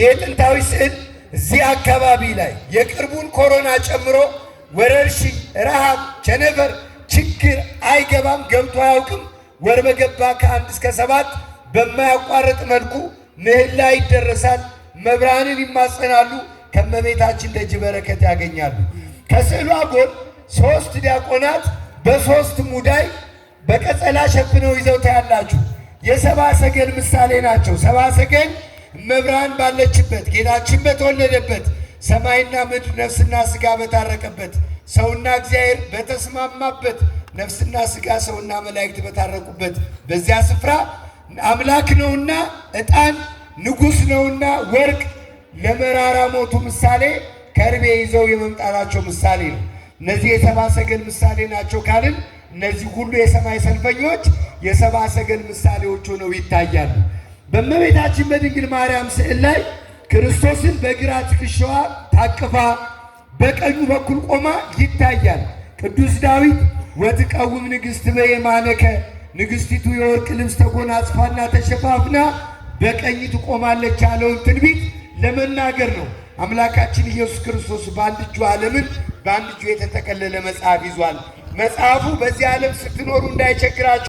ይህ ጥንታዊ ስዕል እዚህ አካባቢ ላይ የቅርቡን ኮሮና ጨምሮ ወረርሽኝ፣ ረሃብ፣ ቸነፈር፣ ችግር አይገባም ገብቶ አያውቅም። ወር በገባ ከአንድ እስከ ሰባት በማያቋርጥ መልኩ ምህላ ይደረሳል። መብራንን ይማጸናሉ። ከመቤታችን ደጅ በረከት ያገኛሉ። ከስዕሏ ጎን ሶስት ዲያቆናት በሶስት ሙዳይ በቀጸላ ሸፍነው ይዘው ታያላችሁ። የሰብአ ሰገል ምሳሌ ናቸው። ሰብአ ሰገል መብርሃን ባለችበት ጌታችን በተወለደበት ሰማይና ምድር ነፍስና ስጋ በታረቀበት ሰውና እግዚአብሔር በተስማማበት ነፍስና ስጋ ሰውና መላእክት በታረቁበት በዚያ ስፍራ አምላክ ነውና ዕጣን፣ ንጉሥ ነውና ወርቅ ለመራራ ሞቱ ምሳሌ ከርቤ ይዘው የመምጣታቸው ምሳሌ ነው። እነዚህ የሰብአ ሰገል ምሳሌ ናቸው ካልን እነዚህ ሁሉ የሰማይ ሰልፈኞች የሰብአ ሰገል ምሳሌዎች ሆነው ይታያሉ። በእመቤታችን በድንግል ማርያም ስዕል ላይ ክርስቶስን በግራ ትከሻዋ ታቅፋ በቀኙ በኩል ቆማ ይታያል። ቅዱስ ዳዊት ወትቀውም ንግሥት በየማነከ ንግሥቲቱ የወርቅ ልብስ ተጎናጽፋና ተሸፋፍና በቀኝ ትቆማለች ያለውን ትንቢት ለመናገር ነው። አምላካችን ኢየሱስ ክርስቶስ በአንድ እጁ ዓለምን በአንድ እጁ የተጠቀለለ መጽሐፍ ይዟል። መጽሐፉ በዚህ ዓለም ስትኖሩ እንዳይቸግራችሁ